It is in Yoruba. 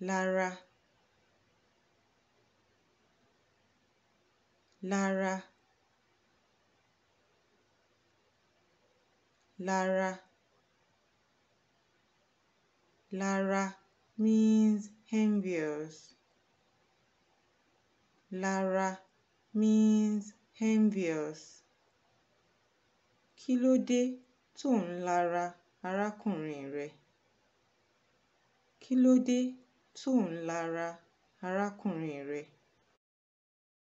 lára lára lára lára means envious lára means envious kí ló dé tó ń lara arákùnrin rẹ kí ló dé tó ń lara arákùnrin rẹ̀